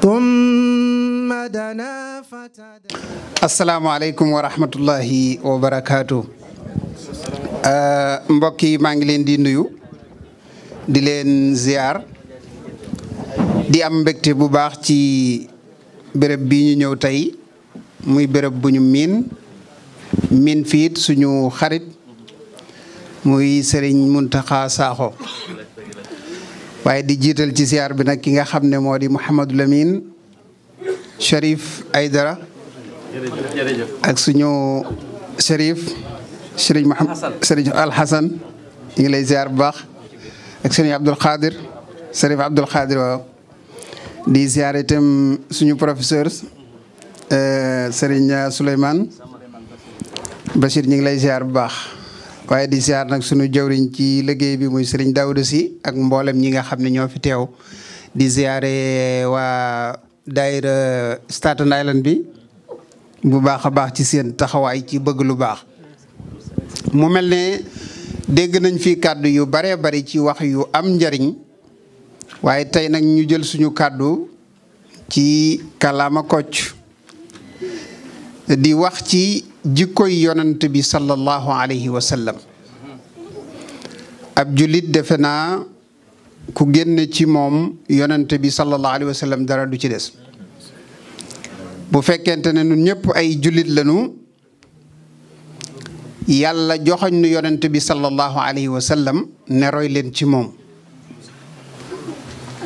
ثم دنا فتدى السلام عليكم ورحمة الله وبركاته mbokk yi maa ngi leen di nuyu di leen ziar di am mbégte bu baax ci béréb bii ñu ñëw tey muy bërëb bu miin miin fiit suñu xarit muy Serigne Mountakha Sakho waaye di jiital ci siyaar bi nag ki nga xam ne moo di Mouhamadou Lamine Cherif Aydara ak suñu Cherif Serigne Mouhamed Serigne Al Hassan ñu ngi lay ziar bu baax ak Serigne Abdoul Khadir Serigne Abdoul Khadir waaw di ziar itam suñu professeur euh, Serigne Souleymane Bachir ñu ngi lay ziar bu baax. waaye di ziar nag suñu jëwriñ ci liggéey bi muy sëriñ Daouda si ak mboolem ñi nga xam ne ñoo fi teew di ziare waa daayira Staten Island bi bu baax a baax ci seen taxawaay ci bëgg lu baax mu mel ne dégg nañ fi kàddu yu baree bari ci wax yu am njariñ waaye tey nag ñu jël suñu kàddu ci kàllaama Kocc di wax ci jikkoy yonent bi sallallahu alayhi wa ab jullit defe naa ku génne ci moom yonent bi sallallahu alayhi wa dara du ci des bu fekkente ne ñun ñëpp ay jullit lañu yàlla joxoñ nu yonent bi sallallahu alayhi wa ne roy leen ci moom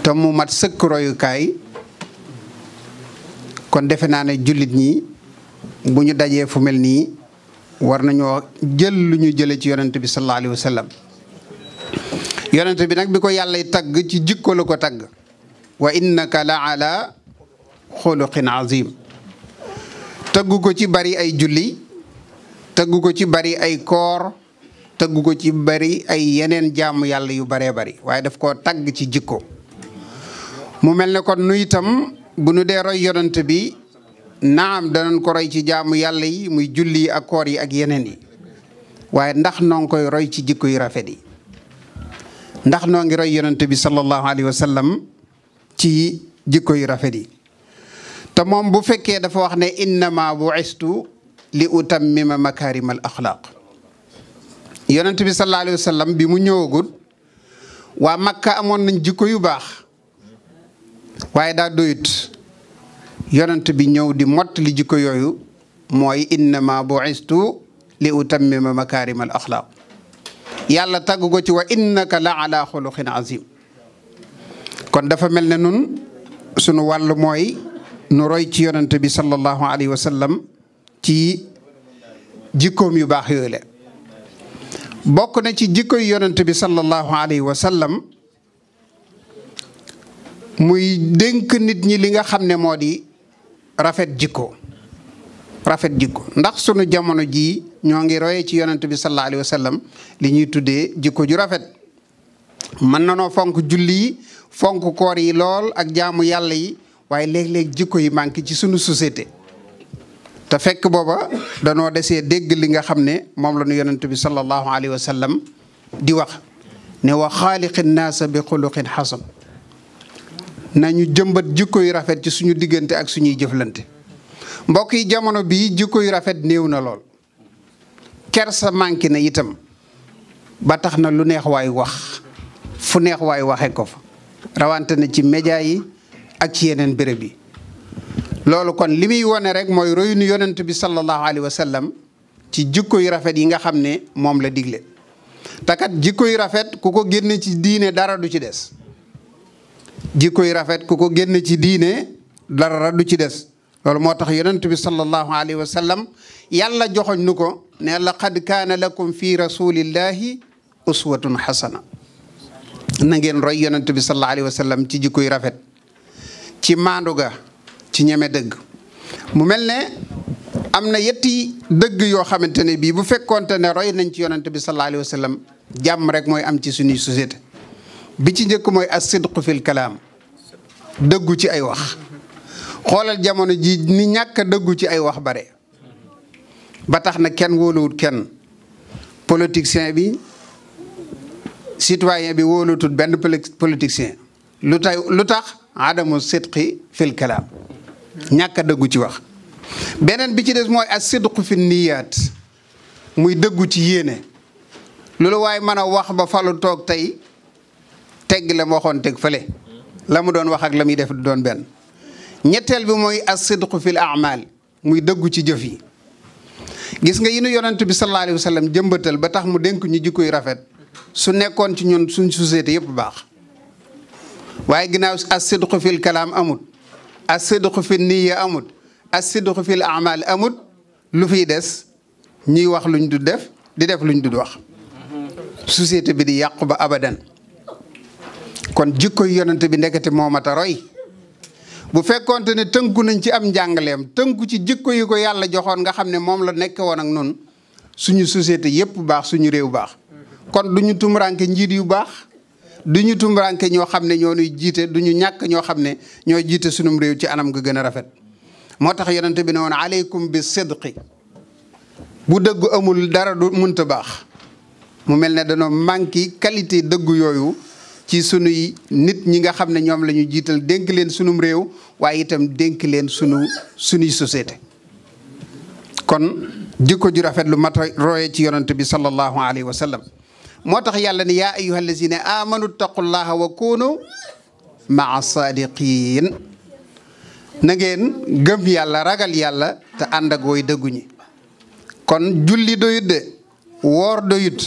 te mu mat sëkk royukaay kon defe naa ne jullit ñi bu ñu dajee fu mel nii war nañoo jël lu ñu jële ci yonent bi sallallahu alayhi wa yonent bi nag bi ko yàlla tagg ci jikko la ko tagg wa innaka la ala xuluqin azim taggu ko ci bari ay julli taggu ko ci bari ay koor taggu ko ci bari ay yeneen jàmm yàlla yu baree bari waaye daf koo tagg ci jikko mu mel ne kon nu itam bu nu dee roy yonent bi naam danañ ko roy ci jaamu yàlla yi muy julli yi ak koor yi ak yeneen yi waaye ndax noo koy roy ci jikko yu rafet yi ndax noo ngi roy yonent bi sallallahu alayhi wa ci jikko yu rafet yi te moom bu fekkee dafa wax ne innama bu'istu li utammima makarim al axlaaq yonent bi sallallahu alayhi wa sallam bi mu ñëwagul waa Makka amoon nañ jikko yu baax waaye daa doyut yonent bi ñëw di mott li jikko yooyu mooy innama bu'istu li utammima makarim al axlaaq yàlla tàggu ko ci wa innaka la ala xuluqin azim kon dafa mel na nun sunu wàll mooy nu roy ci yonent bi sallallahu alayhi wa sallam ci jikkoom yu baax yooyu la bokk na ci jikko yu yonent bi sallallahu alayhi wa sallam muy dénk nit ñi li nga xam ne moo di rafet jikko rafet jikko ndax sunu jamono jii ñoo ngi royee ci yonent bi sallallahu alayhi wa li ñuy tuddee jikko ju rafet mën na noo fonk julli yi fonk koor yi lool ak jaamu yàlla yi waaye léeg-léeg jikko yi manqué ci suñu société te fekk booba danoo desee dégg li nga xam ne moom la ñu yonent bi sallallahu alayhi wa sallam di wax ne wax xaaliqi naasa bi xuluqin xasan nañu jëmbat jikko yu rafet ci suñu diggante ak suñuy jëflante mbokk yi jamono bii jikko yu rafet néew na lool sa manqué na itam ba tax na lu neex waay wax fu neex waay waxee ko fa rawante na ci média yi ak ci yeneen béréb yi loolu kon li muy wone rek mooy royunu yonent bi sallallahu alayhi wa sallam ci jikko yu rafet yi nga xam ne moom la digle takat jikko yu rafet ku ko génne ci diine dara du ci des jikko yu rafet ku ko génne ci diine dara du ci des loolu moo tax yonent bi sallallahu alayhi wa sallam yàlla joxoñ nu ko ne laqad kaana lakum fi rasulillahi uswatun xasana na ngeen roy yonent bi sallallahu alayhi wa sallam ci jikkuy rafet ci maandu ga ci ñeme dëgg mu mel ne am na yetti dëgg yoo xamante ne bii bu fekkoonte ne roy nañ ci yonent bi sallallahu alayhi wa jàmm rek mooy am ci sunuy société bi ci njëkk mooy as sidqu fil kalaam dëggu ci ay wax xoolal jamono jii ni ñàkk a dëggu ci ay wax bare ba tax na kenn wóoluwut kenn politicien bi citoyen bi wóolutut benn politicien lu tay lu tax adamu sidqi fil kalaam ñàkk a dëggu ci wax beneen bi ci des mooy as sidqu fi niyaat muy dëggu ci yéene loolu waaye mën a wax ba falu toog tey tegg la mu waxoon teg fële la mu doon wax ak la muy def doon benn ñetteel bi mooy as-sidqu fil a'mal muy dëggu ci jëf yi gis nga yi nu yonent bi sallallahu alayhi wa sallam ba tax mu dénk ñu jikko yu rafet su nekkoon ci ñun suñ société yëpp baax waaye ginnaaw as-sidqu fil kalaam amut as-sidqu fil niyya amut as-sidqu fil a'mal amut lu fiy des ñuy wax luñ du def di def luñ du wax société bi di yàqu ba abadan kon jikko yu yonent bi ndekete moo mat a bu fekkonte ne tënku nañ ci am njàngaleem tënku ci jikko yi ko yàlla joxoon nga xam ne moom la nekk woon ak noonu suñu société yépp baax suñu réew baax kon du ñu tumuraanke njiit yu baax du ñu tumuraanke ñoo xam ne ñoo jiite du ñu ñàkk ñoo xam ne ñoo jiite sunum réew ci anam ga gën a rafet moo tax yonente bi ne woon aleykum bi sidqi bu dëgg amul dara du munta baax mu mel ne danoo manqué qualité dëggu yooyu ci sunuy nit ñi nga xam ne ñoom la jiital dénk leen sunum réew waaye itam dénk leen sunu sunuy société kon jikko ju rafet lu mat roye ci yonent bi sallallahu alayhi wa sallam moo tax yàlla ne yaa ayyuha allazina amanu taqullaha wa kunu maa saadiqin na ngeen gëm yàlla ragal yàlla te ànd ak wooy dëgguñi kon julli doyut de woor doyut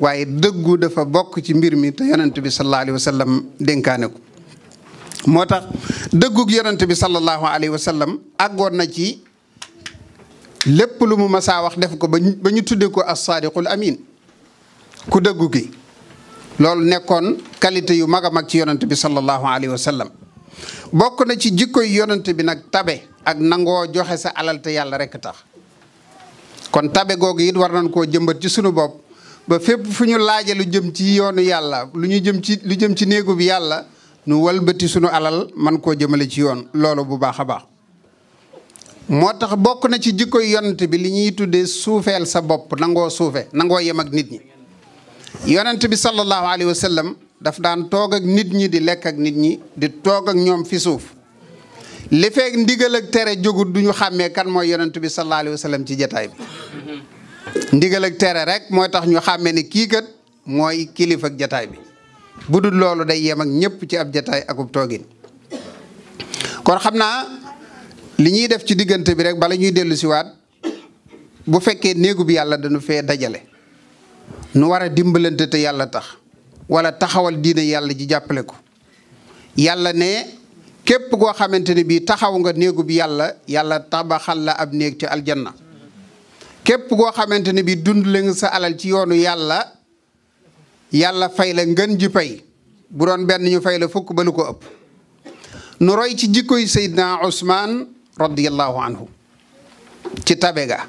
waaye dëggu dafa bokk ci mbir mi te yonent bi sallallahu alayhi wa sallam dénkaane ko moo tax dëggug yonent bi sallallahu alayhi wa sallam àggoon na ci lépp lu mu masaa wax def ko ba ñu ba tuddee ko as saadiqul amin ku dëggu ki loolu nekkoon qualité yu mag a mag ci yonent bi sallallahu alayhi wa bokk na ci jikko yu yonent bi nag tabe ak nangoo joxe sa alal te yàlla rekk tax kon tabe googu it war nañ koo jëmbat ci sunu bopp ba fépp fu ñu laaja lu jëm ci yoonu yàlla lu ñu jëm ci lu jëm ci néegu yàlla ñu walbati sunu alal man koo jëmale ci yoon loolu bu baax a baax moo tax bokk na ci jikko yonent bi li ñuy tuddee suufeel sa bopp nangoo suufe nangoo yem ak nit ñi yonent bi sallallahu alayhi wa sallam daan toog ak nit ñi di lekk ak nit ñi di toog ak ñoom fi suuf li feeg ndigal ak tere jógut duñu xàmmee kan mooy yonent bi sallallahu alayhi wa ci jetaay bi ndigal ak tere rek mooy tax ñu xàmme ne kii kat mooy kilifa jataay bi bu dul loolu day yem ak ñëpp ci ab jataay akub toogin kon xam naa li ñuy def ci diggante bi rek bala ñuy dellu siwaat bu fekkee néegu bi yàlla dañu fee dajale nu war a dimbalante te yàlla tax wala taxawal diine yàlla ji jàppale ko yàlla ne képp koo xamante ne bii taxaw nga néegu yàlla yàlla tabaxal la ab néeg ci aljanna képp koo xamante ne bi dund nga sa alal ci yoonu yàlla yàlla fay la ngën ji pay bu doon benn ñu fay la fukk ba lu ko ëpp nu roy ci jikkoy Seydina Ousmane radiyallahu anhu ci tabe ga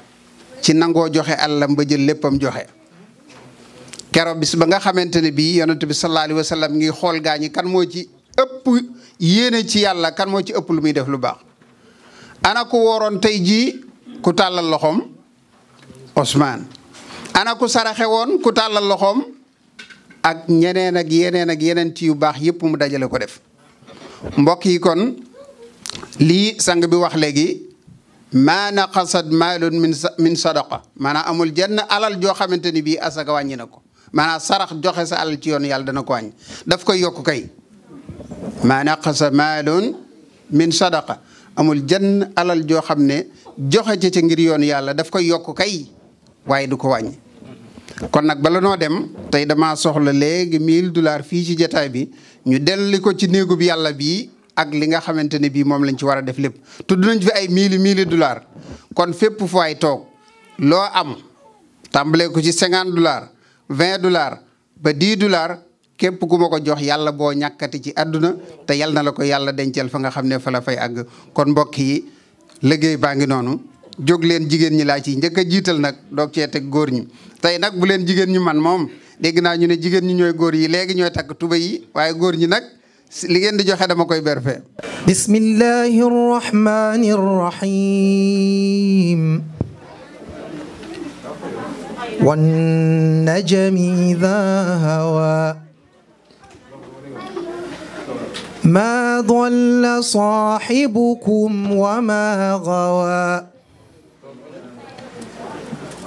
ci nangoo joxe àllam ba jël léppam joxe keroog bis ba nga xamante ne bii yonent bi sallallahu ngi xool gaa kan moo ci ëpp yéene ci yàlla kan moo ci ëpp lu muy def lu baax ana ku wooroon tey jii ku tàllal loxoom Ousmane ana ku saraxe woon ku tàllal loxoom ak ñeneen ak yeneen ak yeneen ci yu baax yëpp mu dajale ko def mbokk yi kon lii sang bi wax léegi maa naqasat maalun min min sadaqa maanaam amul jenn alal joo xamante ni bii asaka wàññi na ko maanaam sarax joxe sa alal ci yoon yàlla dana ko wàññi daf koy yokk kay maa naqasa maalun min sadaqa amul jenn alal joo xam ne joxe ci ci ngir yoon yàlla daf koy yokk kay waaye du ko wañ kon nag bala noo dem tey dama soxla léegi 1000 dollars fii ci jataay bi ñu delli ko ci néegub yàlla bii ak li nga xamante ne bii moom lañ ci war a def lépp tudd nañ fi ay mille mille dollars kon fépp fu toog loo am tàmbalee ko ci 50 dollars 20 dollars ba 10 dollars képp ku ma ko jox yàlla boo ñàkkati ci àdduna te yal na la ko yàlla denceel fa nga xam ne fa la fay àgg kon mbokk yi liggéey baa ngi noonu. jog leen jigéen ñi laa ci njëkk a jiital nag doog cee góor ñi tey nag bu leen jigéen ñi man moom dégg naa ñu ne jigéen ñi ñooy góor yi léegi ñooy takk tuba waaye góor ñi nag li ngeen di joxe dama koy berfe bismillahi rrahmani rrahim wan najmi idha hawa ma dalla sahibukum wa ma gawa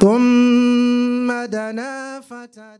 ثم دنا فتدلى